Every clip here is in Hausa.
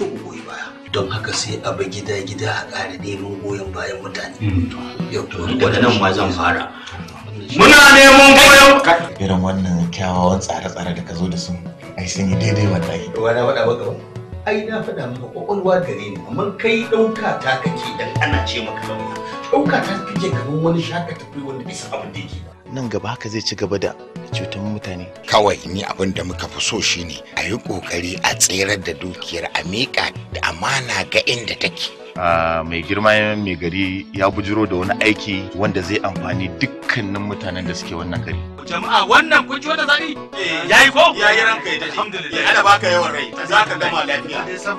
so ku goyi baya don haka sai a bi gida-gida a ƙara neman goyon bayan mutane hmm. daga nan ma zan fara muna neman goyon irin wannan kyawawan tsare-tsare da ka zo da su ai sun yi daidai wallahi wani wada baka ba ai na faɗa maka ƙwaƙwalwa, gare ni amma kai ɗauka ta kake dan ana ce maka lauya ɗauka ta kake kamar wani shaka tafi wanda bisa abin da yake nan gaba haka zai ci gaba da cutar mutane kawai ni abin da muka fi so shi ne. a yi kokari a tserar da dukiyar a miƙa da amana ga inda take mai girma mai gari ya bujiro da wani aiki wanda zai amfani dukkanin mutanen da suke wannan gari. Jama'a wannan kun ci wata zaɓi? Eh, ya yi ko? Ya yi ranka ya alhamdulillah. Ana baka yawan rai, za ka gama lafiya.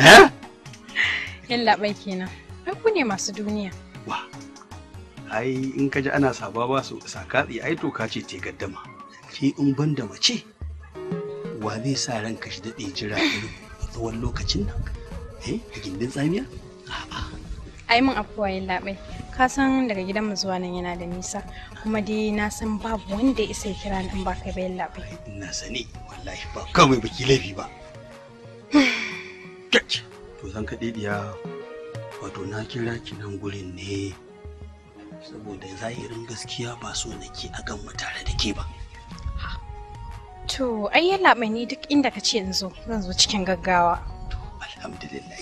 eh yalla kenan ai ku ne masu duniya wa ai in ka ji ana saba ba su ai to ka ce te gaddama ke in ban da mace wa zai sa ka shi daɗe jira irin tsawon lokacin nan eh a gindin tsamiya a'a ai min afuwa yin ka san daga gidan mu zuwa nan yana da nisa kuma dai na san babu wanda ya isa kira nan ba kai bayan labai na sani wallahi ba kawai baki laifi ba to zan kaɗe diya wato na kira ki nan gurin ne saboda zahirin gaskiya ba so nake a gan tare da ke ba to ai yalla mai ni duk inda ka ce yanzu zan zo cikin gaggawa alhamdulillah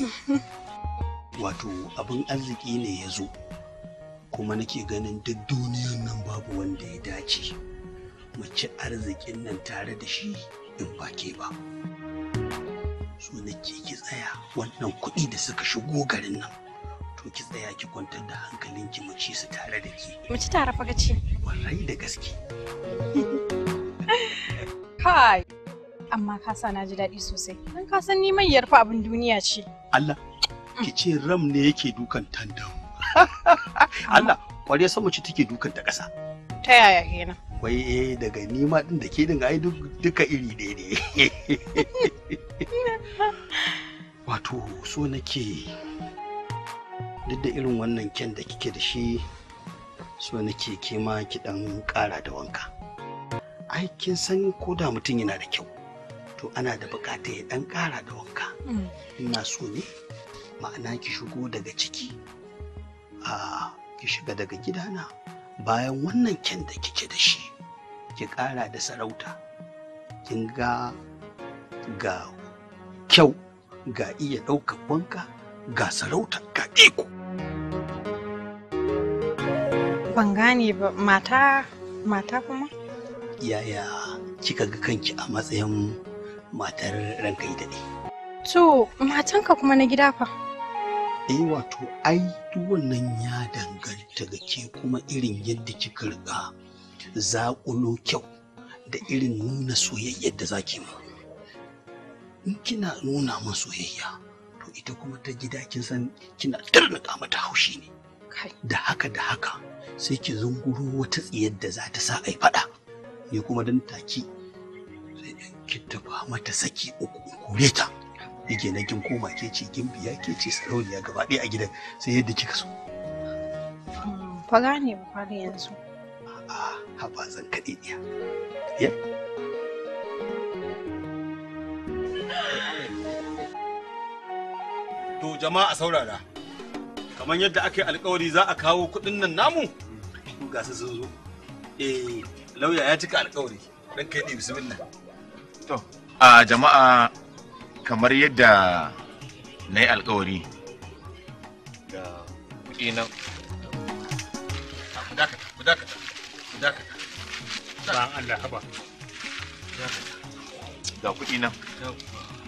wato abin arziki ne ya zo kuma nake ganin duk duniyan nan babu wanda ya dace mu ci arzikin nan tare da shi in ba ke ba so nake ki tsaya wannan kuɗi da suka shigo garin nan to ki tsaya ki kwantar da hankalinki mu ci su tare da ki mu ci tare fa gaci wallahi da gaske kai amma ka sa na ji daɗi sosai dan ka san ni mai yarfa abin duniya ce Allah ki ce ram ne yake dukan tandan Allah kware mu ci take dukan ta ƙasa ta yaya kenan wai eh, daga nima din da ke din ai duka iri ɗaya ne wato so nake duk da irin wannan kyan da kike da shi so nake ke ma ki dan ƙara da wanka Aikin kin san ko da mutum yana da kyau to ana da bukata ya dan ƙara da wanka mm. ina so ne ma'ana ki shigo daga ciki a ki shiga daga gidana bayan wannan kyan da kike da shi ki ƙara da sarauta kin ga ga kyau ga iya ɗaukar wanka ga sarauta ga iko ban gane ba mata mata kuma yaya kika ga kanki a matsayin matar ranka ita ne. to matanka kuma na gida fa eh wato ai duk wannan ya danganta ga ke kuma irin yadda kika riga zaƙulo kyau da irin nuna soyayyar da zaki mu in kina nuna min soyayya to ita kuma ta gida kin san kina turnuka mata haushi ne da haka da haka sai ki zunguro wata tsiyar da za ta sa ai faɗa ni kuma dan taki sai ki tafa mata saki uku kore ta yake na kin koma ke ce kin biya ke ce sarauniya gaba ɗaya a gidan sai yadda kika so hmm, fa gane ba yanzu a'a haba zan kaɗe ɗiya To jama'a saurara, kamar yadda aka yi alkawari za a kawo kuɗin nan namu ga su zo. Eh, lauya ya cika alkawari kai ne To, a jama'a kamar yadda na yi alkawari kuɗi nan. Ku dakata, ku dakata, ku dakata. Ba Allah haba. Ga kuɗi nan.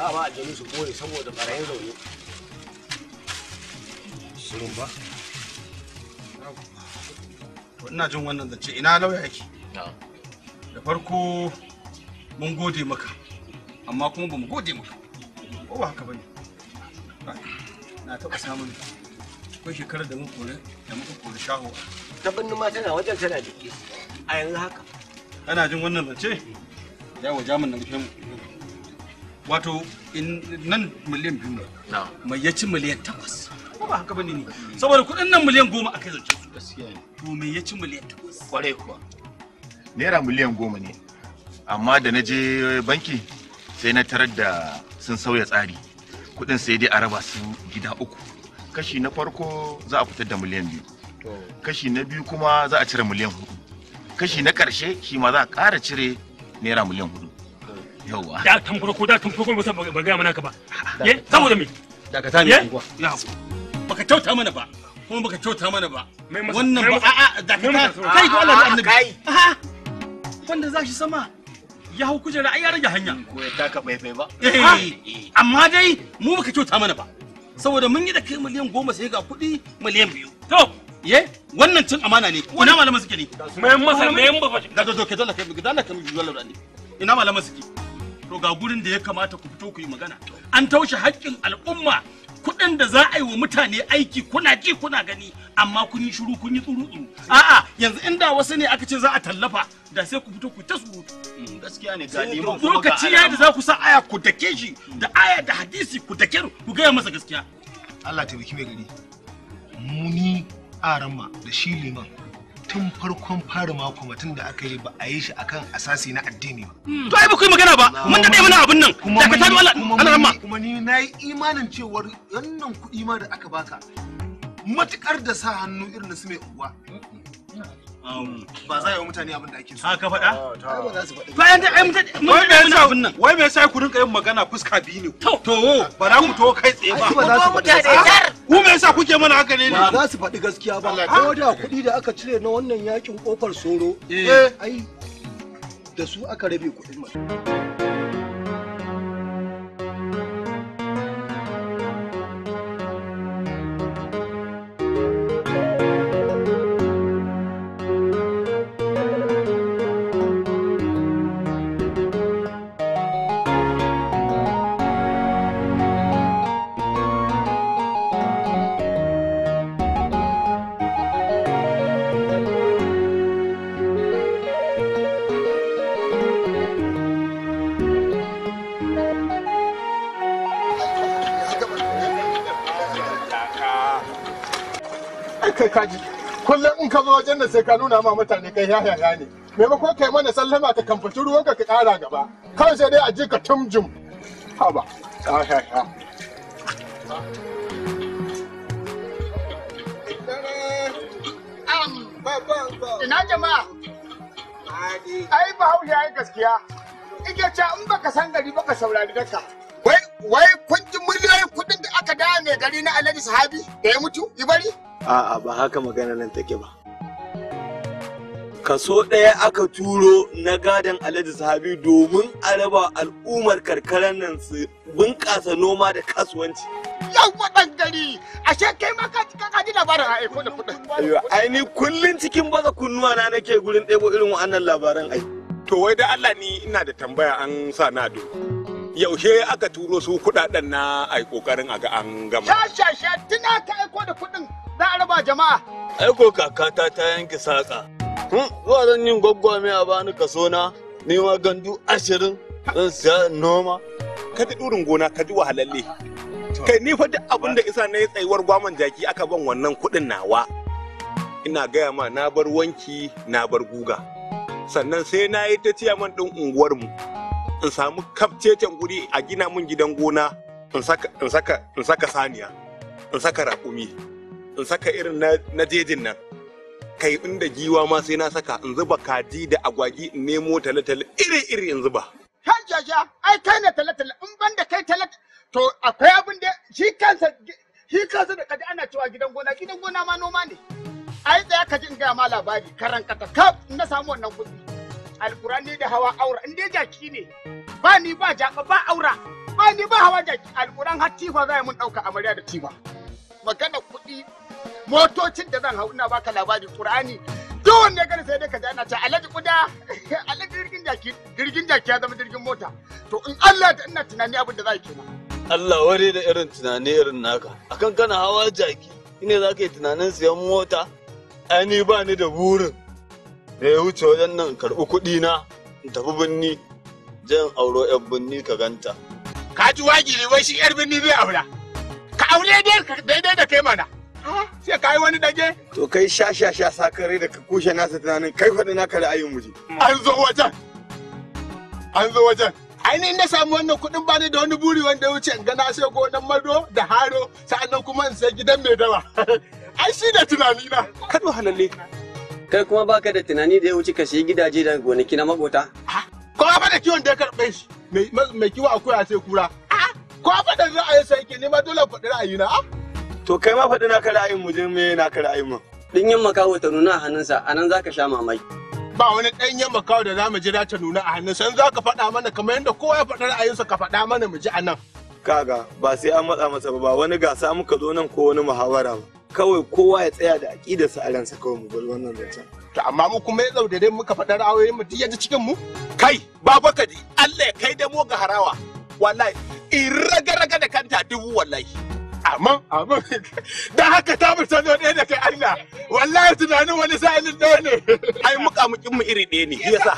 ba ma aljanu su kore saboda barayin zaune shirin ba ina jin wannan zance ina lauya yake da farko mun gode maka amma kuma ba mu gode maka ko ba haka bane na taɓa samun shekarar da muka kore da muka kore shaho ta ma tana wajen tana jiki a yanzu haka kana jin wannan zance ya waje mun na rufe mu wato nan miliyan biyu ne mai ya ci miliyan takwas ko ba haka bane ne saboda kudin nan miliyan goma aka zance su gaskiya ne to me ya ci miliyan takwas Kware kuwa naira miliyan goma ne amma da na je banki sai na tarar da sun sauya tsari kuɗin sai dai a raba su gida uku kashi na farko za a fitar da miliyan biyu kashi na biyu kuma za a cire miliyan hudu kashi na ƙarshe shi ma za a ƙara cire naira miliyan hudu yawa da tun farko da tun farko musan ba ga mana ka ba ye saboda me da ka ta mi baka mana ba kuma baka kyauta mana ba wannan ba a'a da ka kai ko Allah da annabi wanda za sama ya hau kujera ai ya rage hanya ko ya taka bai ba amma dai mu baka kyauta mana ba saboda mun yi da kai miliyan goma sai ga kuɗi miliyan biyu to ye wannan cin amana ne ina malaman suke ne mai masa mai masa ga zo ke dole kai dole kai dole ina malaman suke to ga gurin da ya kamata ku fito ku yi magana an taushe haƙƙin al'umma kuɗin da za a yi wa mutane aiki kuna ji kuna gani amma kun yi shiru kun yi tsuru tsuru a'a yanzu inda wasu ne aka ce za a tallafa da sai ku fito ku ta tsuru mm, gaskiya ne ga liman lokaci ya da za ku sa aya ku dake shi da aya da hadisi ku dake ku gaya masa gaskiya Allah ta biki mai gari muni aranma da shi liman tun farkon fara mako kwamitin da aka yi ba a yi shi akan asasi na addini ba. Hmm. To ai ba ku yi magana ba, mun daɗe mana abin nan, da ka tabi Allah ramma. Kuma ni na yi imanin cewar wannan kuɗi ma da aka baka, matuƙar da sa hannu irin su mai uwa. ba za a yi mutane abin da ake so. Haka faɗa? Bayan da ai mutane mun da mun abin nan. Wai me yasa ku rinka yin magana fuska biyu ne? To wo ba za ku to kai tsaye ba. Ba za su faɗi. Ku me yasa kuke mana haka ne? Ba za su faɗi gaskiya ba. Ko da kuɗi da aka cire na wannan yakin kofar soro. Eh ai da su aka rabe kuɗin mutum. kai kaji kullum in ka zo wajen da sai ka nuna ma mutane kai ya ya ne maimako kai mana sallama ka kamfaci ruwan ka kara gaba kawai sai dai a ji ka tumjum haba Ina jama'a? Ai ba hau yayi gaskiya. Ike ce in baka san gari ba ka saurari daka. Wai kun ji miliyoyin kuɗin da aka dawo mai gari na Alhaji Sahabi da ya mutu Ibari? A'a ba haka magana nan take ba. Kaso ɗaya aka turo na gadon Alhaji Sahabi domin a raba al'ummar karkaran nan su bunƙasa noma da kasuwanci. Yau ɗan gari, ashe kai ma ka ji labarin a aiko da kuɗin. Ai ni kullum cikin baza kunnuwa na nake gurin ɗebo irin wa'annan labaran ai. To wai da Allah ni ina da tambaya an sa na do. yaushe aka turo su kudaden na a kokarin a ga an gama. Shashashe tuna ta aiko da kuɗin? za raba jama'a. Aiko kakata ta yanke saƙa. Hmm, zuwa zan yin gwaggwame a bani kaso na nema gandu ashirin zan siya noma. Ka ji ɗurin gona ka ji wahalalle. Kai ni fa duk abin da isa na yi tsayuwar gwaman jaki aka ban wannan kuɗin nawa. Ina gaya ma na bar wanki na bar guga. Sannan sai na yi ta ciyaman ɗin unguwarmu. In samu kafcecen guri a gina min gidan gona in saka saniya in saka raƙumi. in saka irin na jejin nan kai inda giwa ma sai na saka in zuba kaji da agwagi in nemo talatal iri-iri in zuba. jaja, ai kai ne tale-tale in ban da kai tale to akwai abin da shi kansa shi kansa da kaji ana cewa gidan gona gidan gona ma noma ne. Ai tsaya kaji in gaya ma labari karan kata kaf na samu wannan kuɗi. Alkurani da hawa aura in dai jaki ne ba ni ba jaka ba aura ba ni ba hawa jaki alkuran har tifa za mun ɗauka amarya da tifa. magana kuɗi motocin da zan hau ina baka labari qur'ani duk wanda gani sai dai ka ana ce alhaji kuda alhaji jirgin jaki jirgin jaki ya zama jirgin mota to in Allah da ina tunani abin da za ki ma Allah ware da irin tunani irin naka akan kana hawa jaki ine za ka yi tunanin siyan mota Ani, ni ba ni da burin da ya wuce wajen nan karɓi kuɗi na in tafi binni jan auro 'yan binni ka ganta ka ji ne wai shi 'yar binni bai aura aure daidai da kai mana. Sai ka yi wani dage? To kai sha sha sha rai da ka kushe nasa tunanin kai faɗi naka ra'ayin muji. An zo wajen. An zo wajen. ainihin da samu wannan kuɗin bani da wani buri wanda ya wuce in ga na sai gonan mado da haro sa'annan kuma in sai gidan mai dawa ai shi da tunani na kado halalle kai kuma baka da tunani da ya wuce ka shi gidaje da gonaki na makota Ko ba da kiwon da ya karɓe shi mai kiwo akuya sai kura ko faɗin ra'ayin sa yake nima dole faɗi ra'ayina na. to kai ma faɗi naka ra'ayin mu je me naka ra'ayin mu dinyin makawo ta nuna a hannunsa anan zaka sha mamaki ba wani ɗanyen makawo da zamu jira ta nuna a hannunsa in zaka faɗa mana kamar yadda kowa ya faɗi ra'ayinsa ka faɗa mana mu ji anan kaga ba sai an matsa masa ba wani gasa muka zo nan ko wani muhawara ba kawai kowa ya tsaya da aƙidarsa a ransa kawai mu bar wannan zancen to amma mu kuma ya zaudare muka faɗa ra'ayoyin mu duk ya ji cikin mu kai ba baka Allah ya kai da mu ga harawa wallahi in raga-raga da kanta dubu wallahi amma amma dan haka ta mutu zo ɗaya da kai Allah wallahi tunanin wani sa'ilin ɗaya ne ai mukamukin mu iri ɗaya ne yasa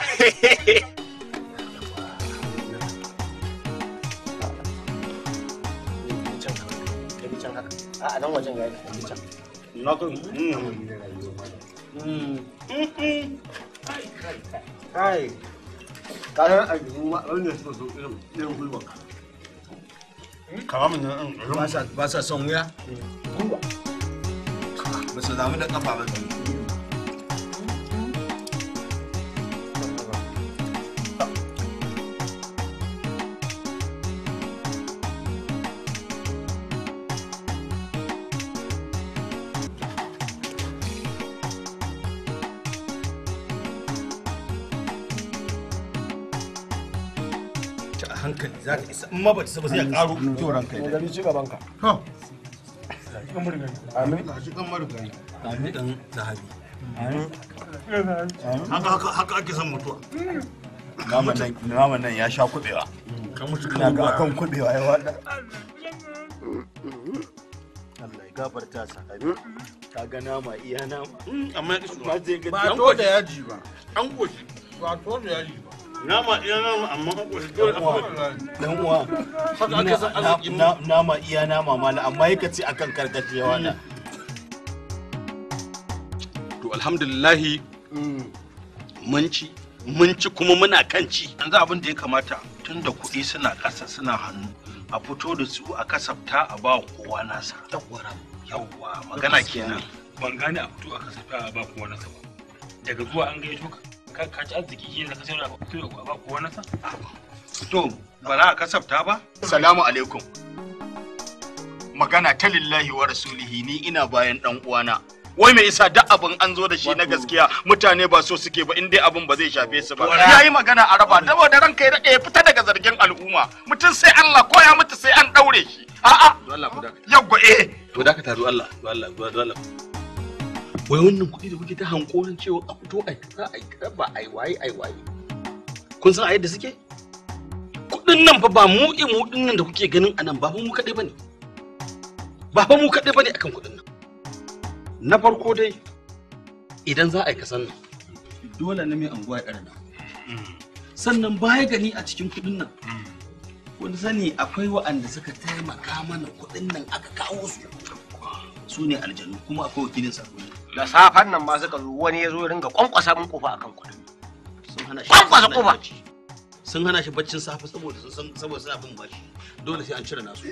a nan wajen ga can na kai mm. kai kai kayan a gimu ma ne da suka so irin irin ka kawo mun nan ba sa son wuya ba su da kafa ba hankali za ta isa amma ba ta saba sai ya karo to ranka ya gari ci gaban ka amin amin haka ake son mutuwa naman nan ya sha kubewa ga ya wada ka ga nama iya nama hmm, amma ba to da yaji ba an koshi ba to da yaji ba nama iya nama amma dole dan uwa haka aka san arzikin nama iya nama mala amma yake ci akan karkacewa da to alhamdulillah mun ci mun ci kuma muna kan ci yanzu abin da ya kamata tun da kuɗi suna ƙasa suna hannu a fito da su a kasafta a ba kowa nasa yawwa magana kenan ban gane a fito a kasafta a ba kowa nasa ba daga zuwa an gaito ka ka ci arziki shi da ka sayar da ba kowa nasa to ba za a kasafta ba salamu alaikum magana ta lillahi wa rasulihi ni ina bayan dan uwana wai me isa duk abin an zo da shi na gaskiya mutane ba so suke ba in dai abin ba zai shafe su ba yi magana a raba saboda ranka ya fita daga zargin al'umma mutum sai Allah ko ya mutu sai an daure shi a'a yaggo eh to da ka taru Allah Allah Allah wai wannan kuɗi da kuke ta hankorin cewa a fito a kaza a kaza ba a yi waye a waye kun san a yadda suke kuɗin nan fa ba mu mu nan da kuke ganin anan ba fa mu kaɗai bane ba fa mu kaɗai bane akan kuɗin nan na farko dai idan za a yi kasan nan dole na mai anguwa ya ƙarana sannan baya gani a cikin kuɗin nan kun sani akwai wa'anda suka taimaka mana kuɗin nan aka kawo su su ne aljanu kuma akwai wakilin sa da safan nan ma suka zo wani ya zo ringa kwankwasa mun kofa akan kudin sun hana shi kwankwasa kofa sun hana shi baccin safe saboda sun san saboda suna bin bashi dole sai an cire nasu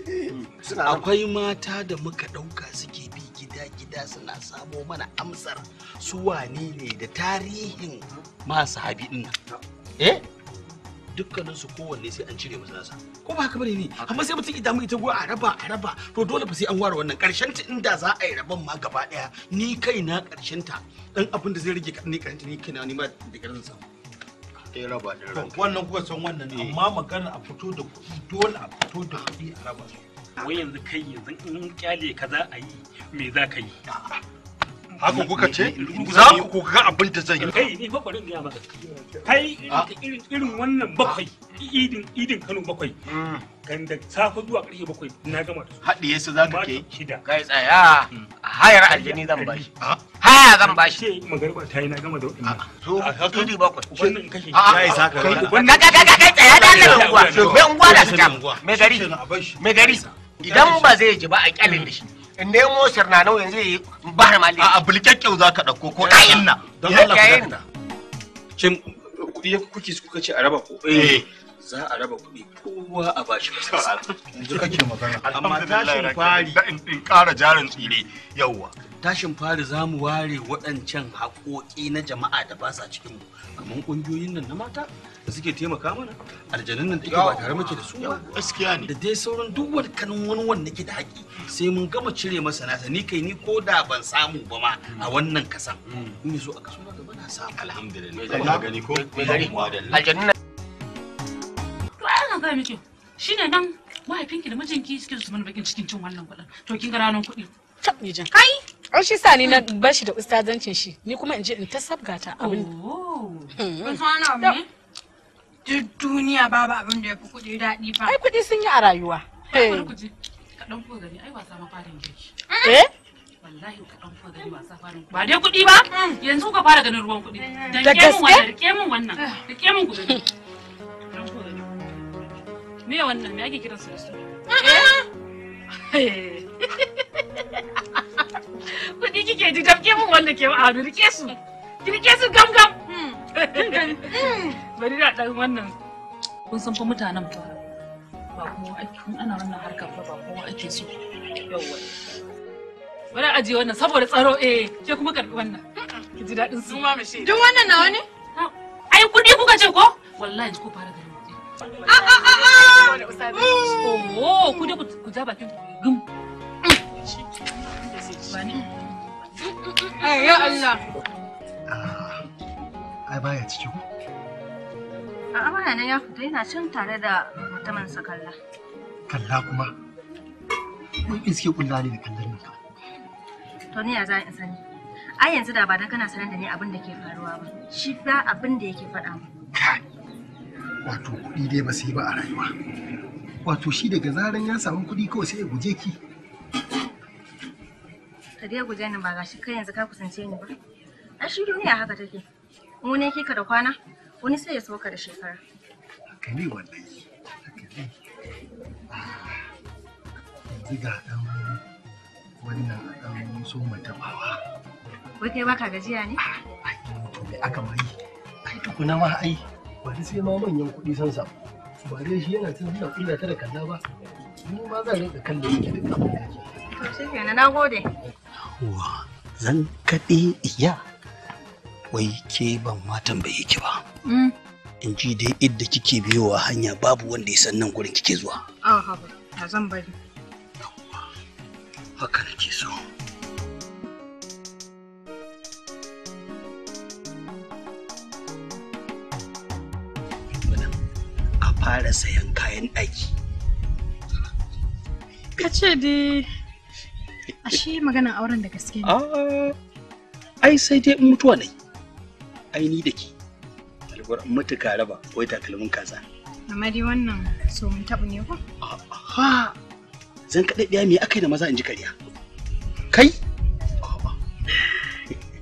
akwai mata da muka dauka suke bi gida gida suna samo mana amsar su wane ne da tarihin masu habi din nan eh dukkanin su kowanne sai an cire masa nasa ko ba haka bane ne amma sai mutum idan ita goya a raba a raba to dole fa sai an ware wannan karshen ta inda za a yi raban ma gaba daya ni kaina karshen ta dan abin da zai rage ni karshen ni kaina ni ma da garin samu kai raba da raba wannan kuka san wannan ne amma magana a fito da kuɗi dole a fito da kuɗi a raba su wai yanzu kai yanzu in kyale kaza a yi me za ka yi haka kuka ce za ku ga abin da zan yi kai ni kai irin irin wannan bakwai idin idin Kano bakwai kan hmm. da safa zuwa bakwai na gama da su haɗiye za zaka ke kai tsaya hmm. hayar aljini zan bashi haya zan bashi ce ta yi na gama da ah, to di ah, bakwai wannan ah, ya isa ka wannan ga ga ga tsaya da unguwa mai unguwa da su mai gari mai idan ba zai ji ba a kyalin da shi hmm. in nemo sirnanau yanzu yi bahar mali a bulkakkyau za ka ɗauko ko ɗayin eh, na don eh, Allah ku dakata shin kuɗi kuke kuka ce a raba ko eh. eh za a raba kuɗi kowa a bashi yanzu kake magana amma tashin fari in ƙara jarin tsire yawwa tashin fari za mu ware waɗancan haƙoƙi na jama'a da ba sa cikin mu kamar ƙungiyoyin nan na mata da suke taimaka mana aljanun nan take ba tare muke da su ba gaskiya ne da dai sauran duk wani kanin wani wanda ke da haƙi sai mun gama cire masa nasa ni kai ni ko da ban samu ba ma a wannan kasan mm. ni so a kaso gaba na samu alhamdulillah ka gani ko aljanun nan to an ga miki shine nan mahaifinki da mijinki suke su mana bakin cikin cin wannan gudan to kin ga ranar kuɗi tabijin kai an shi sa ni na bashi da ustazancin shi ni kuma in je in ta sabgata abin. Oh. Kun duk duniya ba abin da ya fi kuɗi daɗi fa ai kuɗi sun yi a rayuwa eh, eh? ba dai kuɗi ba mm. yanzu ka fara ganin ruwan kuɗi da ke da ke mun wannan da ah. ke mun kuɗi me wannan me ake da su eh. kuɗi kike ji mun wanda ke rike su kirke su gam gam hmm. Hmm. bari da ɗan wannan kun san fa mutanen fa ba kuma ake kun ana wannan harkar fa ba kuma ake so yawwa bari aje wannan saboda tsaro eh ke kuma karbi wannan ki ji daɗin su ma mishi duk wannan nawa ne ai kuɗi kuka ce ko wallahi ku fara gani? a ah, a ah, a ah, a oh kudi ku ja bakin gum hmm. ba ni eh, ya Allah ai baya cikin ku a'a baya nan ya fita yana cin tare da mutumin kalla kalla kuma mun iske kulla ne da kallon nan to ni ya za in sani ai yanzu da ba dan kana sanar da ni abin da ke faruwa ba shi fa abin da yake faɗa mu wato kuɗi dai ba sai ba a rayuwa wato shi daga zaran ya samu kuɗi kawai sai ya guje ki ka dai guje ni ba shi kai yanzu ka kusance ni ba a shi duniya haka take mu ke ka da kwana wani sai ya soka da shekara haka ne wallahi haka ne ah, yanzu ga dan wannan dan so matabawa wai kai baka gajiya ne ah, to me aka ma yi ai tukuna ma ai ba sai ma manyan kuɗi san sa ba dai shi yana cin suna ƙulla ta da kalla ba ni ma zan rinka kallon shi duk abin da yake to shi kenan nagode wa zan kaɗe iya wai ke ban ma tambaye ki ba mm. in ji dai idda kike biyowa hanya babu wanda ya san nan gurin kike zuwa ah, a zan bari haka nake so a fara sayan kayan aiki ka ce dai ashe maganan auren da gaske ne ah, ai sai dai mutuwa ne aini da ke talgwar matuka raba wai takalmin kaza amma wannan so mun tabu ne ko ha zan kaɗa ɗaya me akai da maza in ji kariya kai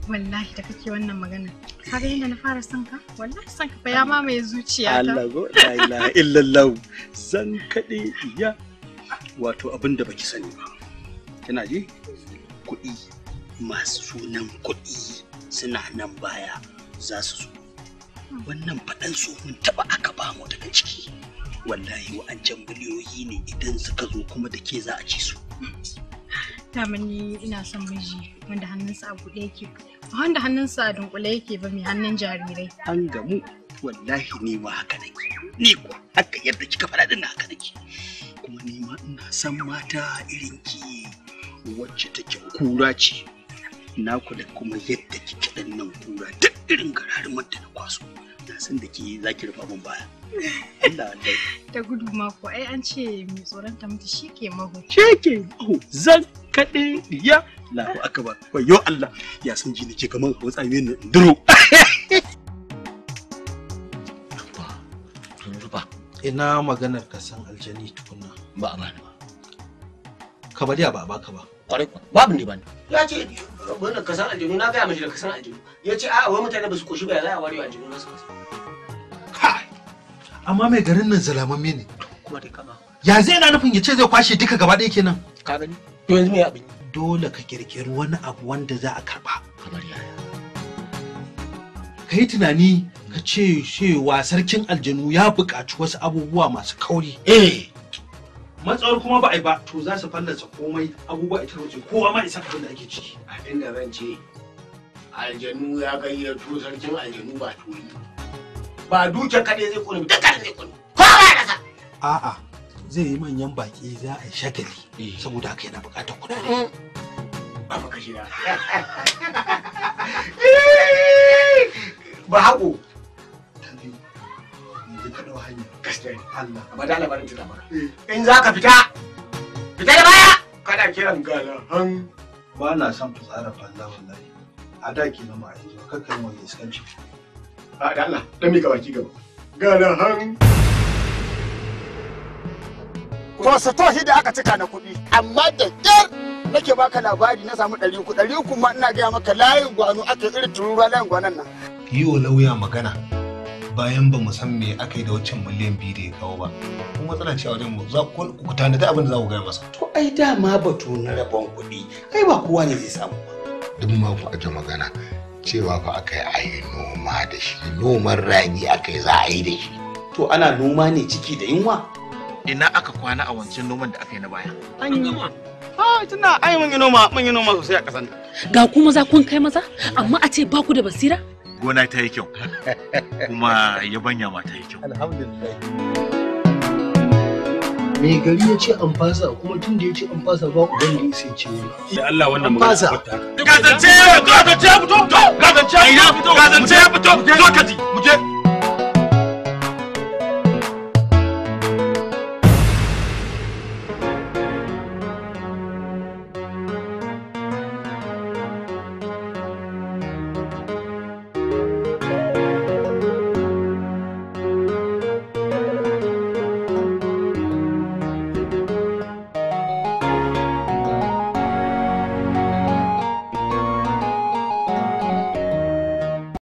wallahi da kake wannan magana kaga yadda na fara son ka wallahi son ka fa ya mamaye zuciya ta Allah go la ilaha illallah zan kaɗe ya wato abin da baki sani ba kina ji kuɗi masu sunan kuɗi suna nan baya za su zo wannan faɗan tsohon taɓa aka ba mu daga ciki wallahi wa'ancan biliyoyi ne idan suka zo kuma da ke za a ci su ni ina son miji wanda hannunsa a buɗe yake ba wanda hannunsa a dunkule yake ba mai hannun jarirai an gamu wallahi ni ma haka nake ni ko haka yadda kika faɗa din haka nake kuma ni ma ina son mata irin ki wacce take kura ce naku da kuma yadda kike dan nan kura duk irin gararumar da na kwaso na san da ke za ki rufa mun baya. Allah Allah. Ta gudu mako ai an ce mai tsoron ta mutu shi ke maho. Shi ke maho zan kaɗe ya lahu akaba yau Allah ya san ji nake kamar a watsa ne duro. Ina maganar ka san aljani tukunna. Ba a bani ba. Ka bari ba a ka ba. Kwarai ba. Babu ne bani. Ya ce biyu. wannan ka san aljanu na gaya mashi da ka san aljanu ya ce a wai mutane ba su koshi ba za a warewa aljanu na su amma mai garin nan zalamamme ne kuma dai kama ya zai na nufin ya ce zai kwashe duka gaba ɗaya kenan ka gani to yanzu me abin dole ka kirkiri wani abu wanda za a karba kamar yaya ka yi tunani ka ce cewa sarkin aljanu ya buƙaci wasu abubuwa masu kauri eh matsawar kuma ba a ba to za su fallasa komai abubuwa ita wuce kowa ma isa abin da ake ciki abin da zan ce aljanu ya gayyato sarkin aljanu ba tuyi ba duke kaɗai zai kone dukkan zai kone kowa ya rasa a'a zai yi manyan baki za a yi shagali eh. saboda haka yana buƙatar kuɗaɗe mm. ba fa kashi eh! ba hako. ka dau hanya gaskiya Allah ba da labarin tuna ba in za ka fita fita da baya kada kiran gala han ba na son fitsara banza wallahi a da ke nama a yanzu kakkan wani iskanci a da Allah dan mi gabaki gaba gala han to su tohi da aka cika na kuɗi amma da ƙyar nake baka labari na samu ɗari uku ɗari uku ma ina gaya maka layin gwano ake irin ruwa layin gwanon nan yi wa lauya magana bayan ba mu san me aka yi da waccan miliyan biyu da ya kawo ba kun matsala ce a wajen mu za ku ku tanada abin da za ku gaya masa to ai dama batu na rabon kuɗi ai ba kowa ne zai samu ba duk ma ku aje magana cewa fa aka yi ayi noma da shi noman rani aka yi za a yi da shi to ana noma ne ciki da yunwa ina aka kwana a wancan noman da aka yi na baya an yi Ah, tunda ai mun yi noma, mun yi noma sosai a ƙasan. Ga kuma maza kun kai maza, amma a ce ba ku da basira? gona ta yi kyau kuma yabanya ma ta yi kyau alhamdulillah mai gari ya ce an fasa kuma tun da ya ce an fasa ba ubangi da ya ce wani da Allah wannan fasa gazance ya fito gazance ya fito gazance ya fito gazance ya fito zo ka ji mu je